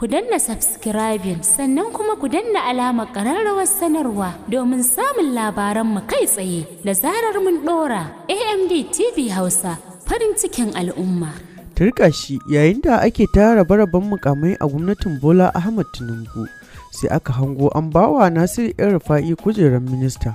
ku danna subscribing sannan kuma ku danna alamar ƙararrawar sanarwa domin samun labaran mu kai tsaye da zarar mun ɗora amd tv hausa farin cikin al'umma turka shi yayin da ake tara baraban mukamai a gwamnatin bola ahmad tinubu sai aka hango an bawa nasiru yar rufa'i kujerar minista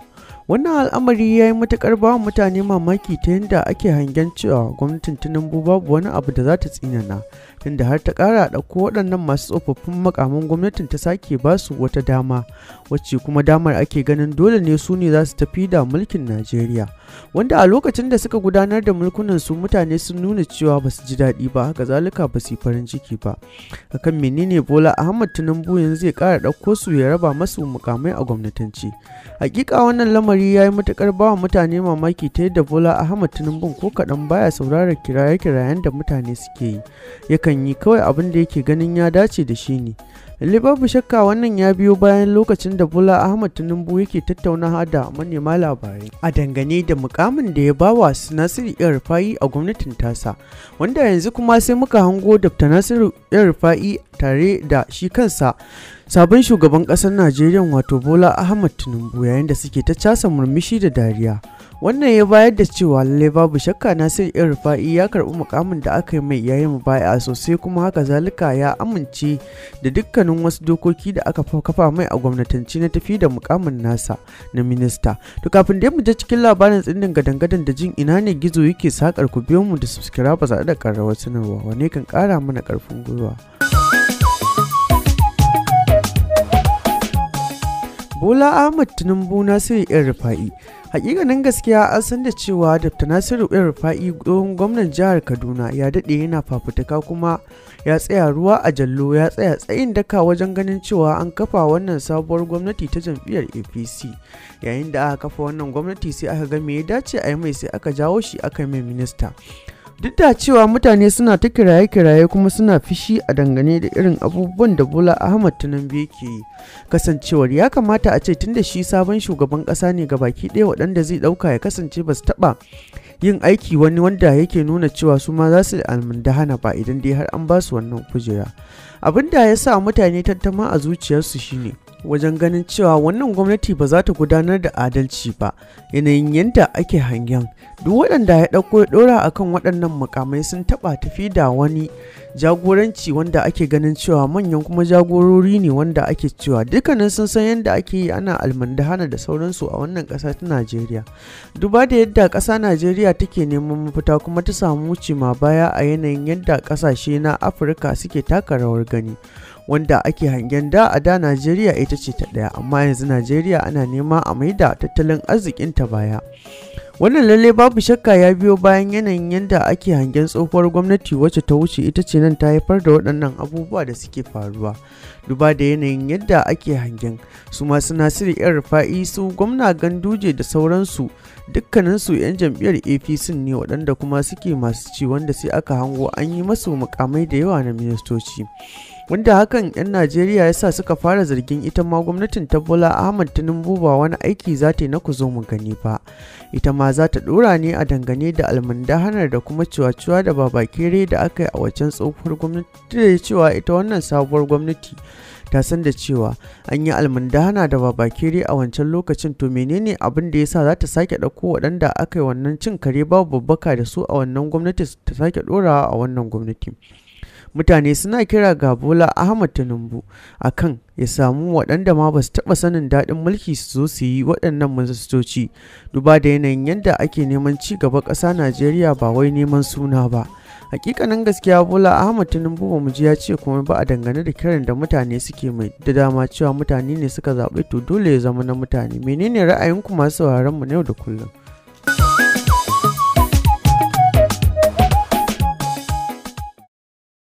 wannan al'amari ya yi matuƙar ba mutane mamaki ta yadda ake hangen cewa gwamnatin tinubu babu wani abu da za ta tsinana tunda har ta ƙara ɗauko waɗannan masu tsofaffin makamin gwamnatin ta sake ba su wata dama wacce kuma damar ake ganin dole ne su ne za su tafi da mulkin najeriya wanda a lokacin da suka gudanar da mulkunan su mutane sun nuna cewa ba su ji daɗi ba haka zalika ba su yi farin ciki ba akan menene bola ahmad tinubu yanzu zai ƙara ɗauko su ya raba masu mukamai a gwamnatance hakika wannan lamarin al'amari ya yi matukar ba wa mutane mamaki ta yadda bola ahmad tinubu ko kaɗan baya sauraron kiraye-kirayen da mutane suke yi yakan yi kawai abin da yake ganin ya dace da shi ne Libabu babu shakka wannan ya biyo bayan lokacin da Bola Ahmad Tinubu yake tattaunawa da manema labarai a dangane da mukamin da ya bawa Nasiru Yarfa'i a gwamnatin tasa, wanda yanzu kuma sai muka hango Dr. Nasiru Yarfa'i tare da shi kansa sabon shugaban ƙasar Najeriya wato Bola Ahmad Tinubu yayin da suke ta casa murmushi da dariya. wannan ya bayar da cewa lallai babu shakka na nasir rufa'i ya karbi mukamin da aka yi mai yayin baya sosai kuma haka zalika ya amince da dukkanin wasu dokoki da aka kafa mai a gwamnatanci na tafi da mukamin nasa na minista to kafin da mu je cikin labarin tsindin gadangadan da jin ina ne gizo yake sakar ku biyo mu da subscribe da karrawar sanarwa wane kan kara mana karfin gwiwa Bola Ahmad Tinubu Nasiru yin rufa'i hakikanin gaskiya an san da cewa dr nasiru el rufa'i tsohon gwamnan jihar kaduna ya daɗe yana fafutuka kuma ya tsaya ruwa a jallo ya tsaya tsayin daka wajen ganin cewa an kafa wannan sabuwar gwamnati ta jam'iyyar apc yayin da aka kafa wannan gwamnati sai aka ga me ya dace a yi mai sai aka jawo shi aka mai minista duk da cewa mutane suna ta kiraye-kiraye kuma suna fishi a dangane da irin abubuwan da bola ahmad tinubu yake yi kasancewar ya kamata a ce tun da shi sabon shugaban kasa ne ga baki ɗaya waɗanda zai ɗauka ya kasance ba su taɓa yin aiki wani wanda yake nuna cewa su ma za su hana ba idan dai har an ba su wannan kujera abin da ya sa mutane tantama a zuciyarsu shine wajen ganin cewa wannan gwamnati ba za ta gudanar da adalci ba yanayin yadda ake hangen duk waɗanda ya ɗauko ya ɗora akan waɗannan mukamai sun taɓa tafi da wani jagoranci wanda ake ganin cewa manyan kuma jagorori ne wanda ake cewa dukkanin sun san yadda ake yi ana almandahana da sauransu a wannan kasa ta najeriya duba da yadda ƙasa najeriya take neman mafita kuma ta samu wuce ma baya a yanayin yadda ƙasashe na afirka suke taka rawar gani wanda ake hangen da a da najeriya ita ce ta ɗaya amma yanzu najeriya ana nema a maida tattalin arzikinta baya wannan lalle babu shakka ya biyo bayan yanayin yadda ake hangen tsohuwar gwamnati wacce ta wuce ita ce nan ta haifar da waɗannan abubuwa da suke faruwa duba da yanayin yadda ake hangen su masu nasiru yan rufa'i su gwamna ganduje da sauransu dukkaninsu 'yan jam'iyyar apc ne waɗanda kuma suke masu ci wanda sai aka hango an yi masu mukamai da yawa na ministoci wanda hakan 'yan najeriya ya sa suka fara zargin ita ma gwamnatin ta bola ahmad tinubu ba wani aiki za ta yi na ku zo mu gani ba ita ma za ta dora ne a dangane da almundahanar da kuma cuwa-cuwa da babakere da aka yi a wajen tsohuwar gwamnati da cewa ita wannan sabuwar gwamnati ta san da cewa an yi almundana da babakere a wancan lokacin to menene abin da ya sa za ta sake ɗauko waɗanda aka yi wannan cin kare babu babbaka da su a wannan gwamnati ta sake ɗorawa a wannan gwamnati. mutane suna kira ga bola ahmad tinubu a kan ya samu waɗanda ma ba su taɓa sanin daɗin mulki su zo su yi waɗannan ministoci duba da yanayin yadda ake neman ci gaba ƙasa najeriya ba wai neman suna ba hakikanin gaskiya bola ahmad tinubu ba mu ji ya ce kuma ba a dangane da kiran da mutane suke mai da dama cewa mutane ne suka zaɓe to dole ya zama na mutane menene ra'ayinku masu sauraron mu na yau da kullum